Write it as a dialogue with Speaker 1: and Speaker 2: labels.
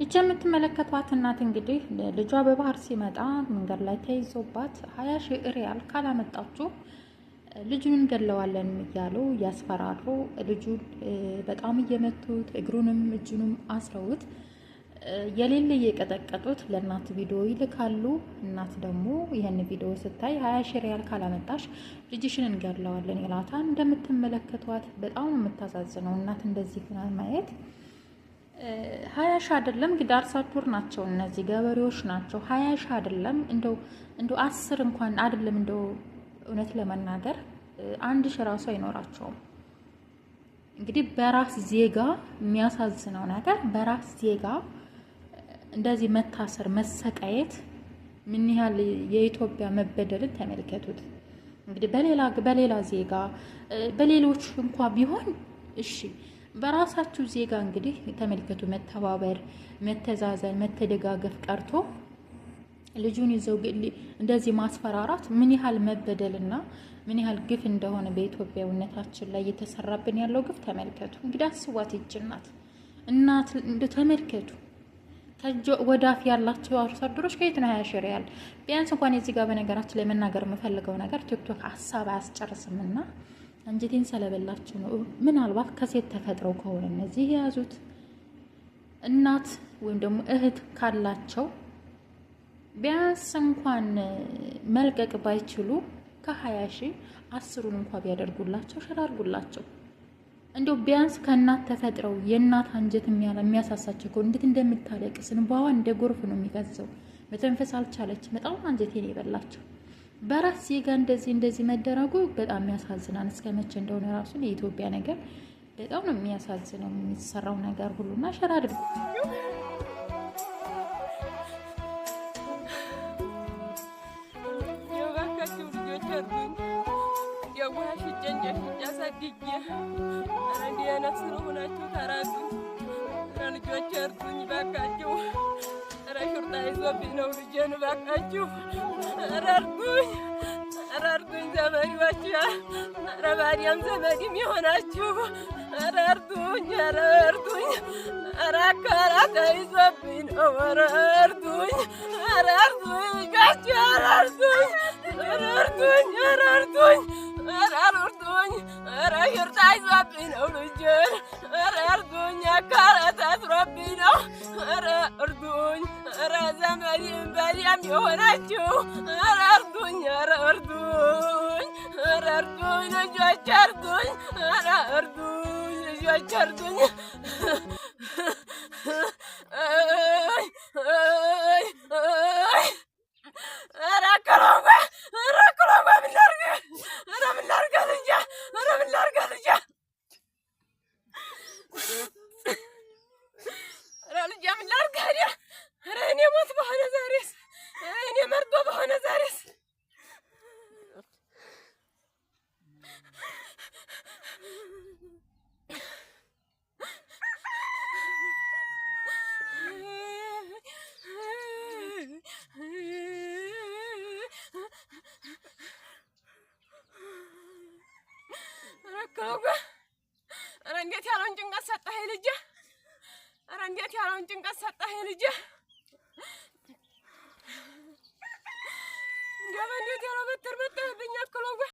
Speaker 1: ይች የምትመለከቷት እናት እንግዲህ ልጇ በባህር ሲመጣ መንገድ ላይ ተይዞባት ሀያ ሺህ ሪያል ካላመጣችሁ ልጁን እንገለዋለን እያሉ እያስፈራሩ ልጁን በጣም እየመቱት እግሩንም እጁንም አስረውት የሌለ እየቀጠቀጡት ለእናት ቪዲዮ ይልካሉ። እናት ደግሞ ይህን ቪዲዮ ስታይ ሀያ ሺህ ሪያል ካላመጣሽ ልጅሽን እንገለዋለን ይላታ። እንደምትመለከቷት በጣም የምታሳዝነው እናት እንደዚህ ማየት ሀያ ሺህ አይደለም እንግዲህ አርሶ አደር ናቸው እነዚህ ገበሬዎች ናቸው። ሀያ ሺህ አይደለም እንደው እንደው አስር እንኳን አይደለም እንደው እውነት ለመናገር አንድ ሺህ ራሱ አይኖራቸውም። እንግዲህ በራስ ዜጋ የሚያሳዝነው ነገር በራስ ዜጋ እንደዚህ መታሰር መሰቃየት ምን ያህል የኢትዮጵያ መበደልን ተመልከቱት። እንግዲህ በሌላ በሌላ ዜጋ በሌሎች እንኳ ቢሆን እሺ በራሳችሁ ዜጋ እንግዲህ ተመልከቱ። መተባበር፣ መተዛዘን፣ መተደጋገፍ ቀርቶ ልጁን ይዘው እንደዚህ ማስፈራራት ምን ያህል መበደልና ምን ያህል ግፍ እንደሆነ በኢትዮጵያዊነታችን ላይ እየተሰራብን ያለው ግፍ ተመልከቱ። እንግዲህ አስዋት ይች እናት እናት ተመልከቱ። ወዳፍ ያላቸው አርሶ አደሮች ከየት ነው ያሽር ያል ቢያንስ እንኳን የዚህ ጋር በነገራችን ላይ መናገር የምፈልገው ነገር ቲክቶክ ሀሳብ አያስጨርስምና አንጀቴን ስለበላችሁ ነው። ምናልባት ከሴት ተፈጥረው ከሆነ እነዚህ የያዙት እናት ወይም ደግሞ እህት ካላቸው ቢያንስ እንኳን መልቀቅ ባይችሉ ከሀያ ሺህ አስሩን እንኳ ቢያደርጉላቸው ሸራርጉላቸው። እንዲያው ቢያንስ ከእናት ተፈጥረው የእናት አንጀት የሚያሳሳቸው ከሆነ እንዴት እንደምታለቅስ እንባዋ እንደ ጎርፍ ነው የሚፈሰው። መተንፈስ አልቻለች። በጣም አንጀቴን የበላቸው በራስ ዜጋ እንደዚህ እንደዚህ መደረጉ በጣም የሚያሳዝናል። እስከ መቼ እንደሆነ ራሱ የኢትዮጵያ ነገር በጣም ነው የሚያሳዝነው፣ የሚሰራው ነገር ሁሉና ሸራድ ልጆች እርዱኝ ሽርታ ይዞብኝ ነው ልጄን፣ እባካችሁ ረርዱኝ፣ ረርዱኝ። ዘመዶች ረባዲያም ዘመድም የሆናችሁ ረርዱኝ፣ ረርዱኝ። ረከራ ተይዞብኝ ነው ረርዱኝ፣ ረርዱኝ፣ ጋች ረርዱኝ፣ ረርዱኝ፣ ረርዱኝ ረ ሽርታ ይዞብኝ ነው ልጄን፣ ረርዱኝ። አካላት አስሮብኝ ነው ረርዱኝ ኧረ ዘመዴም በሌም የሆናችሁ
Speaker 2: ኧረ እርዱኝ፣ ኧረ እርዱኝ፣ ኧረ እርዱኝ ልጆች፣ እርዱኝ፣ ኧረ እርዱኝ ልጆች፣ እርዱኝ ኧረ እንዴት ያለውን ጭንቀት ሰጠህ ልጄ! ኧረ እንዴት ያለውን ጭንቀት ሰጠህ ልጄ! እንደው እንዴት ያለው ብትር ብትር ብኛ እኮ ነው ወይ